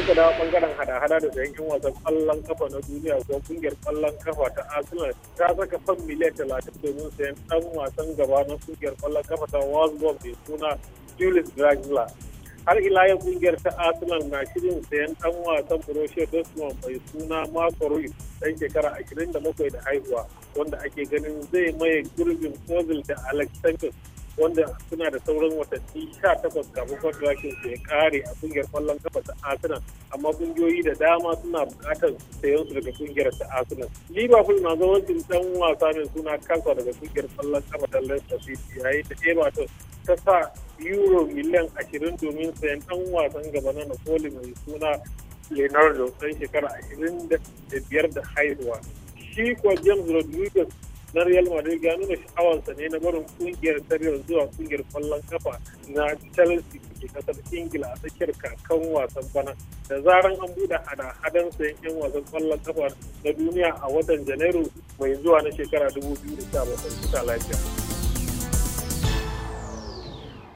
kuka da bangaren hada-hada da sayan yan wasan kwallon kafa na duniya ko kungiyar kwallon kafa ta arsenal ta saka fan miliyan talatin domin sayan dan wasan gaba na kungiyar kwallon kafa ta wasbom mai suna julius dragula har ila yau kungiyar ta arsenal na shirin sayan dan wasan borussia dortmund mai suna marco dan shekara 27 da haihuwa wanda ake ganin zai maye gurbin ozil da alex wanda suna da sauran watanni sha takwas kafin kwantarakin su ya kare a kungiyar kwallon kafa ta arsenal amma kungiyoyi da dama suna bukatar sayan su daga kungiyar ta arsenal liverpool na zawancin dan wasa mai suna kansa daga kungiyar kwallon kafa ta leicester city yayin da everton ta sa euro miliyan ashirin domin sayan dan wasan gaba na napoli mai suna leonardo dan shekara ashirin da biyar da haihuwa shi kuwa james rodriguez na Real Madrid ya nuna sha'awarsa ne na barin kungiyar Serie zuwa kungiyar kwallon kafa na Chelsea ke kasar Ingila a tsakiyar kakan wasan bana. Da zaran an buɗe hada-hadan sayan 'yan wasan kwallon kafa na duniya a watan Janairu mai zuwa na shekara 2017 lafiya.